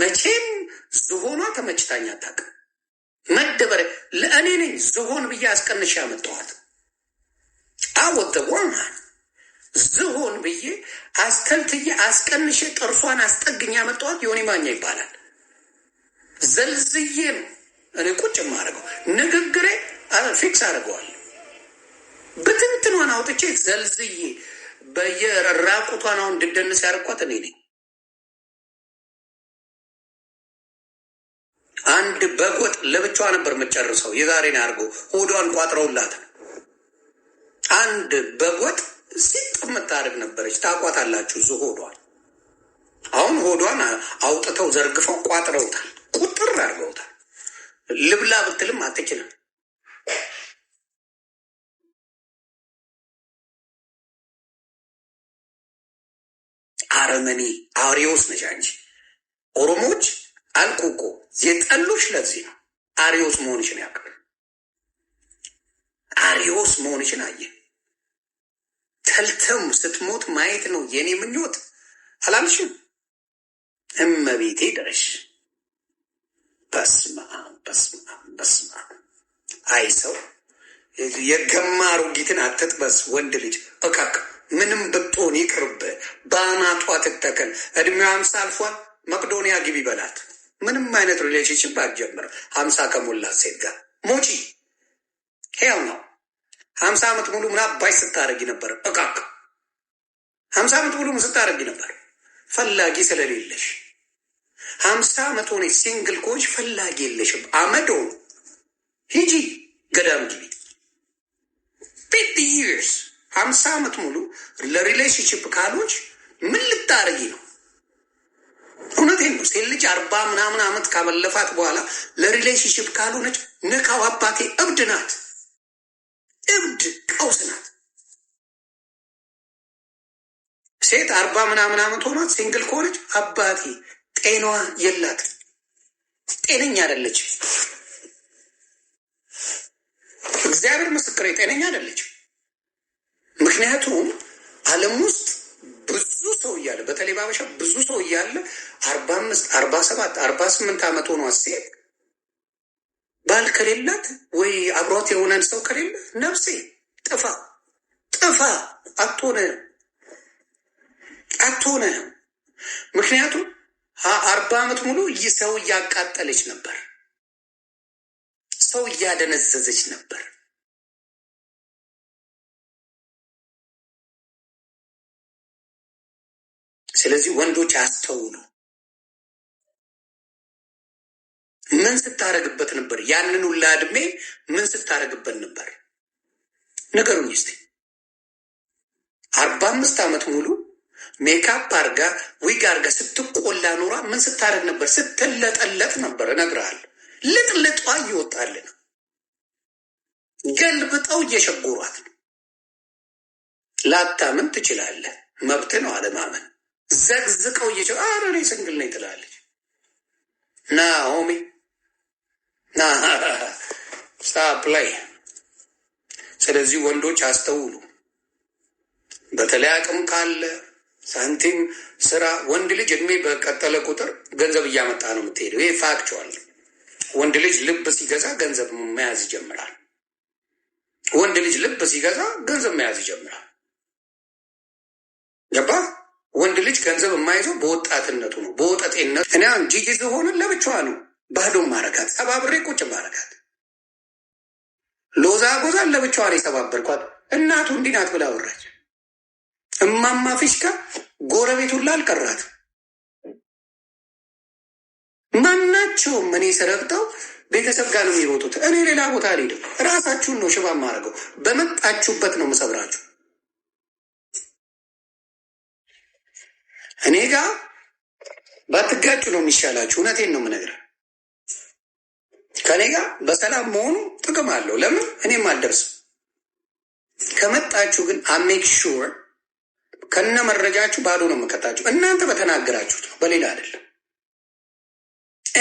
መቼም ዝሆኗ ተመችታኝ አታውቅም። መደበረ ለእኔ ነኝ ዝሆን ብዬ አስቀንሽ ያመጣኋት አወጠ ዝሆን ብዬ አስተልትዬ አስቀንሽ ጥርሷን አስጠግኝ ያመጣኋት ዮኒ ማኛ ይባላል። ዘልዝዬ ነው እኔ ቁጭ የማደርገው ንግግሬ ፊክስ አድርገዋል። ብትንትኗን አውጥቼ ዘልዝዬ በየራቁቷን አሁን ድደንስ ያደርኳት እኔ ነኝ። አንድ በጎጥ ለብቻዋ ነበር የምትጨርሰው። የዛሬን አድርጎ ሆዷን ቋጥረውላት አንድ በጎጥ ሲጥ የምታደርግ ነበረች። ታቋታላችሁ። እዙ ሆዷን አሁን ሆዷን አውጥተው ዘርግፈው ቋጥረውታል፣ ቁጥር አድርገውታል። ልብላ ብትልም አትችልም። አረመኔ አሬዎስ ነሽ እንጂ ኦሮሞዎች አልቁቁ የጠሉሽ ለዚህ ነው። አሪዎስ መሆንሽን ያውቃል። አሪዎስ መሆንሽን አየ። ተልተም ስትሞት ማየት ነው የኔ ምኞት አላልሽም? እመቤቴ ድረሽ። በስማ በስማ በስማ አይ ሰው የገማሩ ጊትን አትጥበስ። ወንድ ልጅ እካክ ምንም ብትሆን ይቅርብ። በአማጧ ትተከል። እድሜዋ አምሳ አልፏል። መቅዶኒያ ግቢ በላት። ምንም አይነት ሪሌሽንሽፕ አልጀምርም። ሀምሳ ከሞላት ሴት ጋር ሞጪ ሄያው ነው። ሀምሳ ዓመት ሙሉ ምን አባይ ስታደርጊ ነበር? እቃቅ ሀምሳ ዓመት ሙሉ ምን ነበር? ፈላጊ ስለሌለሽ ሀምሳ ዓመት ሆነ ሲንግል ኮች ፈላጊ የለሽም። አመዶ ሂጂ ገዳም ግቢ ፊፍቲ ይርስ ሀምሳ ዓመት ሙሉ ለሪሌሽንሽፕ ካሎች ምን ልታደረጊ ነው? እውነቴን ነው። ሴት ልጅ አርባ ምናምን ዓመት ካበለፋት በኋላ ለሪሌሽንሽፕ ካልሆነች ነካው አባቴ፣ እብድ ናት፣ እብድ ቀውስ ናት። ሴት አርባ ምናምን ዓመት ሆኗት ሲንግል ከሆነች አባቴ ጤኗ የላት፣ ጤነኛ አደለች። እግዚአብሔር ምስክሬ፣ ጤነኛ አደለች። ምክንያቱም ዓለም ውስጥ ብዙ ሰው እያለ በተለይ ባበሻ ብዙ ሰው እያለ አርባ አምስት አርባ ሰባት አርባ ስምንት ዓመት ሆኗት ሴት ባል ከሌላት ወይ አብሯት የሆነን ሰው ከሌለ ነፍሴ ጥፋ ጥፋ አትሆነ አትሆነ። ምክንያቱም አርባ ዓመት ሙሉ ሰው እያቃጠለች ነበር፣ ሰው እያደነዘዘች ነበር። ስለዚህ ወንዶች አስተውሉ። ምን ስታረግበት ነበር? ያንን ሁላ እድሜ ምን ስታረግበት ነበር? ነገሩን እስቲ አርባ አምስት ዓመት ሙሉ ሜካፕ አርጋ ዊግ አርጋ ስትቆላ ኑሯ ምን ስታደርግ ነበር? ስትለጠለጥ ነበር። እነግርሃለሁ፣ ልጥልጧ እየወጣል ነው። ገልብጠው እየሸጉሯት ነው። ላታምን ትችላለህ፣ መብት ነው አለማመን። ዘግዝቀው እየቸ ኧረ እኔ ስንግል ነኝ ትላለች ናሆሜ ስታፕ ላይ። ስለዚህ ወንዶች አስተውሉ። በተለይ አቅም ካለ ሳንቲም፣ ስራ። ወንድ ልጅ እድሜ በቀጠለ ቁጥር ገንዘብ እያመጣ ነው የምትሄደው። ይህ ፋክቹዋል። ወንድ ልጅ ልብ ሲገዛ ገንዘብ መያዝ ይጀምራል። ወንድ ልጅ ልብ ሲገዛ ገንዘብ መያዝ ይጀምራል። ገባ? ወንድ ልጅ ገንዘብ የማይዘው በወጣትነቱ ነው፣ በወጠጤነቱ። እኔ ጂጂ ስሆን ለብቻዋ ነው ባዶ ማረጋት ሰባብሬ ቁጭ ማረጋት ሎዛ ጎዛን ለብቻዋን የሰባበርኳት እናቱ እንዲናት ብላ ወራች። እማማ ፊሽካ ጎረቤት ሁላ አልቀራት። ማናቸውም እኔ ስረግጠው ቤተሰብ ጋር ነው የሚሮጡት። እኔ ሌላ ቦታ አልሄድም። ራሳችሁን ነው ሽባ ማድረገው። በመጣችሁበት ነው ምሰብራችሁ። እኔ ጋር ባትጋጩ ነው የሚሻላችሁ። እውነቴን ነው ምነግረ ከኔ ጋር በሰላም መሆኑ ጥቅም አለው። ለምን እኔም አልደርስም። ከመጣችሁ ግን አሜክ ሹር ከነ መረጃችሁ ባዶ ነው የምከታችሁ። እናንተ በተናገራችሁት ነው፣ በሌላ አይደለም።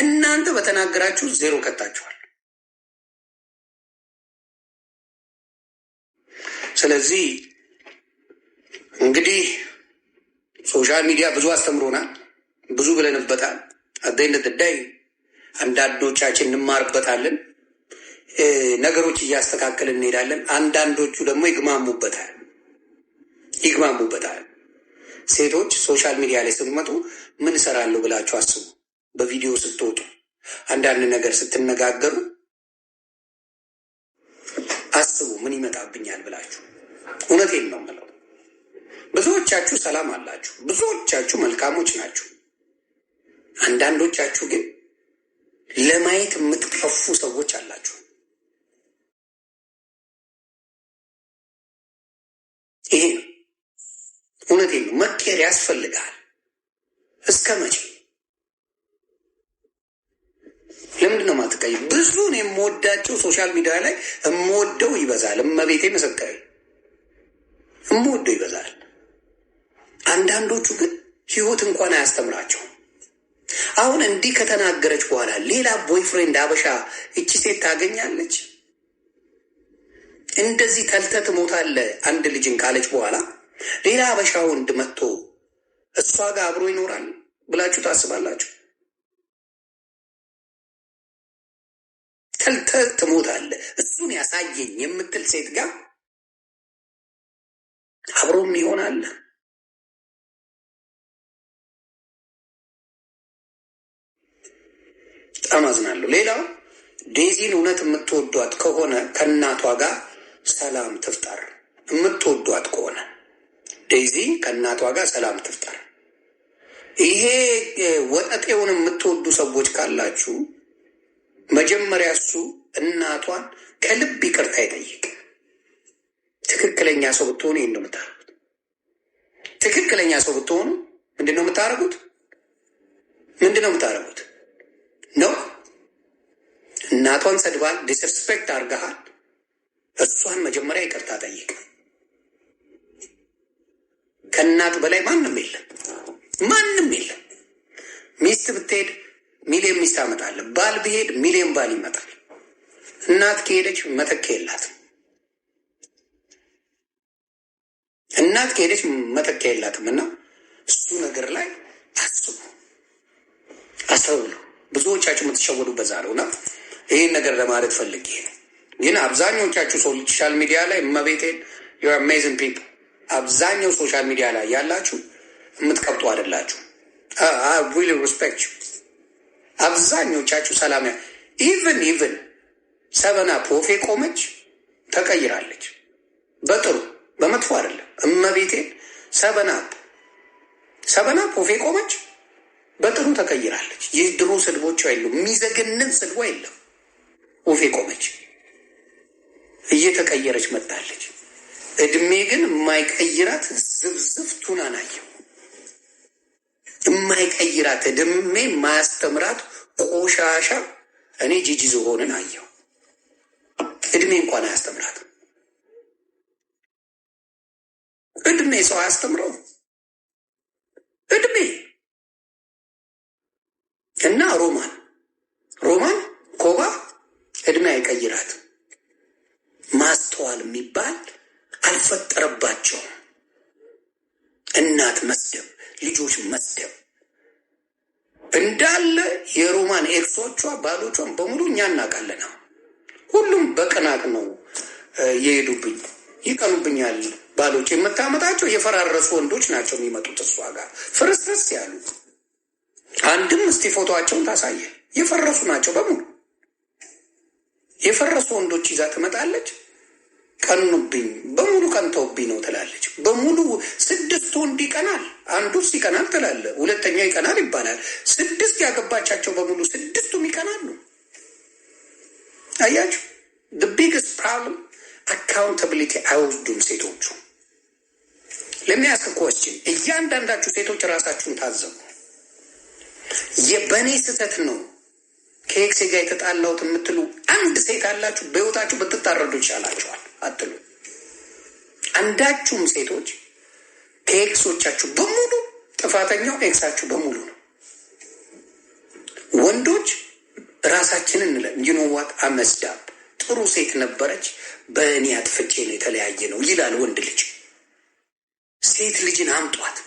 እናንተ በተናገራችሁ ዜሮ ከታችኋል። ስለዚህ እንግዲህ ሶሻል ሚዲያ ብዙ አስተምሮናል፣ ብዙ ብለንበታል። አደይነት አንዳንዶቻችን እንማርበታለን፣ ነገሮች እያስተካከልን እንሄዳለን። አንዳንዶቹ ደግሞ ይግማሙበታል ይግማሙበታል። ሴቶች ሶሻል ሚዲያ ላይ ስትመጡ ምን እሰራለሁ ብላችሁ አስቡ። በቪዲዮ ስትወጡ፣ አንዳንድ ነገር ስትነጋገሩ አስቡ፣ ምን ይመጣብኛል ብላችሁ። እውነቴን ነው የምለው። ብዙዎቻችሁ ሰላም አላችሁ፣ ብዙዎቻችሁ መልካሞች ናችሁ። አንዳንዶቻችሁ ግን ለማየት የምትከፉ ሰዎች አላችሁ። ይሄ ነው እውነቴ ነው። መቀየር ያስፈልጋል። እስከ መቼ ለምንድን ነው ማትቀይ? ብዙን የምወዳቸው ሶሻል ሚዲያ ላይ የምወደው ይበዛል። እመቤቴ መሰከረ የምወደው ይበዛል። አንዳንዶቹ ግን ህይወት እንኳን አያስተምራቸውም። አሁን እንዲህ ከተናገረች በኋላ ሌላ ቦይፍሬንድ አበሻ እቺ ሴት ታገኛለች? እንደዚህ ተልተ ትሞታለ አንድ ልጅን ካለች በኋላ ሌላ አበሻ ወንድ መጥቶ እሷ ጋር አብሮ ይኖራል ብላችሁ ታስባላችሁ? ተልተ ትሞታለ እሱን ያሳየኝ የምትል ሴት ጋር አብሮም ይሆናል። በጣም አዝናለሁ። ሌላው ዴዚን እውነት የምትወዷት ከሆነ ከእናቷ ጋር ሰላም ትፍጠር። የምትወዷት ከሆነ ዴዚ ከእናቷ ጋር ሰላም ትፍጠር። ይሄ ወጠጤውን የምትወዱ ሰዎች ካላችሁ መጀመሪያ እሱ እናቷን ከልብ ይቅርታ ይጠይቅ። ትክክለኛ ሰው ብትሆኑ ይህን ነው የምታደርጉት። ትክክለኛ ሰው ብትሆኑ ምንድን ነው የምታደርጉት? ምንድን ነው የምታደርጉት? ነው። እናቷን ሰድባል፣ ዲስርስፔክት አርገሃል። እሷን መጀመሪያ ይቅርታ ጠይቅ። ከእናት በላይ ማንም የለም፣ ማንም የለም። ሚስት ብትሄድ ሚሊዮን ሚስት አመጣለ፣ ባል ብሄድ ሚሊዮን ባል ይመጣል። እናት ከሄደች መተካ የላትም። እናት ከሄደች መተካ የላትም እና እሱ ነገር ላይ አስቡ፣ አሰብሉ። ብዙዎቻችሁ የምትሸወዱ በዛ ነው እና ይህን ነገር ለማለት ፈልጌ ግን አብዛኞቻችሁ ሶሻል ሚዲያ ላይ እመቤቴን አሜዝን ፒፕል አብዛኛው ሶሻል ሚዲያ ላይ ያላችሁ የምትቀብጡ አይደላችሁ። ሪሊ ሪስፔክት አብዛኞቻችሁ ሰላም ያ ኢቨን ኢቨን ሰበና ፖፌ ቆመች ተቀይራለች። በጥሩ በመጥፎ አይደለም። እመቤቴን ሰበና ሰበና ፖፌ ቆመች በጥሩ ተቀይራለች። የድሮ ድሮ ስድቦቹ አይሉም፣ የሚዘገንን ስድቦ የለም። ውፌ ቆመች፣ እየተቀየረች መጣለች። እድሜ ግን የማይቀይራት ዝብዝብ ቱና ናየው። የማይቀይራት እድሜ የማያስተምራት ቆሻሻ እኔ ጂጂ ዝሆንን አየው። እድሜ እንኳን አያስተምራት። እድሜ ሰው አያስተምረው እድሜ እና ሮማን ሮማን ኮባ እድሜ አይቀይራት ማስተዋል የሚባል አልፈጠረባቸውም። እናት መስደብ፣ ልጆች መስደብ እንዳለ የሮማን ኤክሶቿ ባሎቿን በሙሉ እኛ እናውቃለን። ሁሉም በቅናት ነው የሄዱብኝ። ይቀኑብኛል ባሎች የምታመጣቸው የፈራረሱ ወንዶች ናቸው የሚመጡት እሷ ጋር ፍርስርስ ያሉት አንድም እስቲ ፎቶቸውን ታሳየ። የፈረሱ ናቸው በሙሉ የፈረሱ ወንዶች ይዛ ትመጣለች። ቀኑብኝ በሙሉ ቀንተውብኝ ነው ትላለች። በሙሉ ስድስቱ አንዱ ስ ይቀናል ትላለ፣ ሁለተኛው ይቀናል ይባላል። ስድስት ያገባቻቸው በሙሉ ስድስቱም ይቀናሉ። አያችሁ፣ ድ ቢግስት ፕሮብለም አካውንታብሊቲ አይወስዱም ሴቶቹ። ለሚያስክ ኮስችን እያንዳንዳችሁ ሴቶች ራሳችሁን ታዘቡ። የበኔ ስህተት ነው ከኤክሴ ጋር የተጣላሁት የምትሉ አንድ ሴት አላችሁ፣ በህይወታችሁ ብትታረዱ ይሻላችኋል አትሉ። አንዳችሁም ሴቶች ከኤክሶቻችሁ በሙሉ ጥፋተኛው ኤክሳችሁ በሙሉ ነው። ወንዶች ራሳችንን እንለ ይኖዋት አመስዳብ ጥሩ ሴት ነበረች፣ በእኔ አጥፍቼ ነው የተለያየ ነው ይላል ወንድ ልጅ። ሴት ልጅን አምጧት።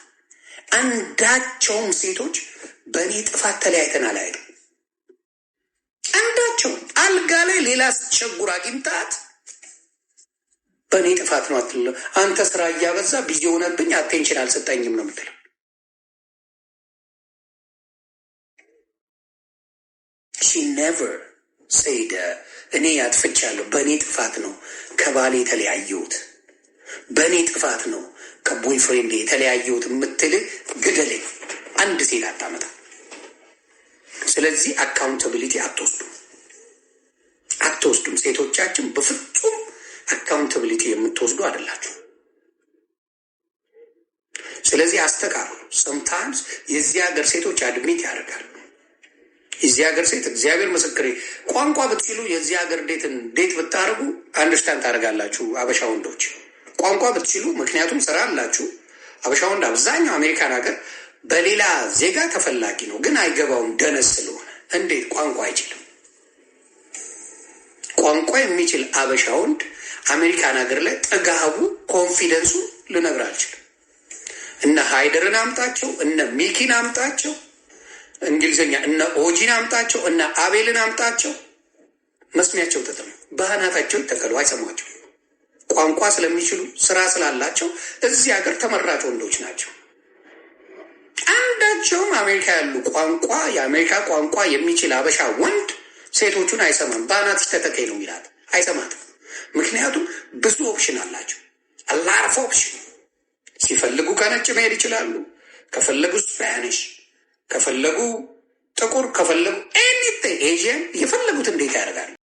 አንዳቸውም ሴቶች በእኔ ጥፋት ተለያይተን አላየንም። አንዳቸው አልጋ ላይ ሌላ ስትቸጉር አግኝታት በእኔ ጥፋት ነው አትለው። አንተ ስራ እያበዛ ቢዚ ሆነብኝ አቴንሽን አልሰጠኝም ነው የምትለው። ሺ ኔቨር ሴድ እኔ ያጥፍቻለሁ፣ በእኔ ጥፋት ነው ከባሌ የተለያየሁት፣ በእኔ ጥፋት ነው ከቦይፍሬንድ ፍሬንድ የተለያየሁት የምትል ግደለኝ፣ አንድ ሴት አታመጣ። ስለዚህ አካውንታብሊቲ አትወስዱም አትወስዱም። ሴቶቻችን በፍጹም አካውንታብሊቲ የምትወስዱ አይደላችሁ። ስለዚህ አስተካክሉ። ሰምታይምስ የዚህ ሀገር ሴቶች አድሚት ያደርጋል። የዚህ ሀገር ሴት እግዚአብሔር ምስክሬ፣ ቋንቋ ብትችሉ የዚህ ሀገር ዴት ብታደርጉ አንደርስታንድ ታደርጋላችሁ አበሻ ወንዶች ቋንቋ ብትችሉ፣ ምክንያቱም ስራ አላችሁ። አበሻ ወንድ አብዛኛው አሜሪካን ሀገር በሌላ ዜጋ ተፈላጊ ነው፣ ግን አይገባውም። ደነስ ስለሆነ እንዴት ቋንቋ አይችልም? ቋንቋ የሚችል አበሻ ወንድ አሜሪካን ሀገር ላይ ጥጋቡ፣ ኮንፊደንሱ ልነግር አልችልም። እነ ሃይደርን አምጣቸው፣ እነ ሚኪን አምጣቸው፣ እንግሊዝኛ እነ ኦጂን አምጣቸው፣ እነ አቤልን አምጣቸው። መስሚያቸው ተጠሙ። በአናታቸው ይተከሉ፣ አይሰሟቸው ቋንቋ ስለሚችሉ ስራ ስላላቸው እዚህ ሀገር ተመራጭ ወንዶች ናቸው። አንዳቸውም አሜሪካ ያሉ ቋንቋ የአሜሪካ ቋንቋ የሚችል አበሻ ወንድ ሴቶቹን አይሰማም። በአናትሽ ተተከኝ ነው የሚላት አይሰማትም። ምክንያቱም ብዙ ኦፕሽን አላቸው። አላፍ ኦፕሽን ሲፈልጉ ከነጭ መሄድ ይችላሉ። ከፈለጉ ስፓኒሽ፣ ከፈለጉ ጥቁር፣ ከፈለጉ ኤኒቴ ኤዥን የፈለጉት እንዴት ያደርጋሉ።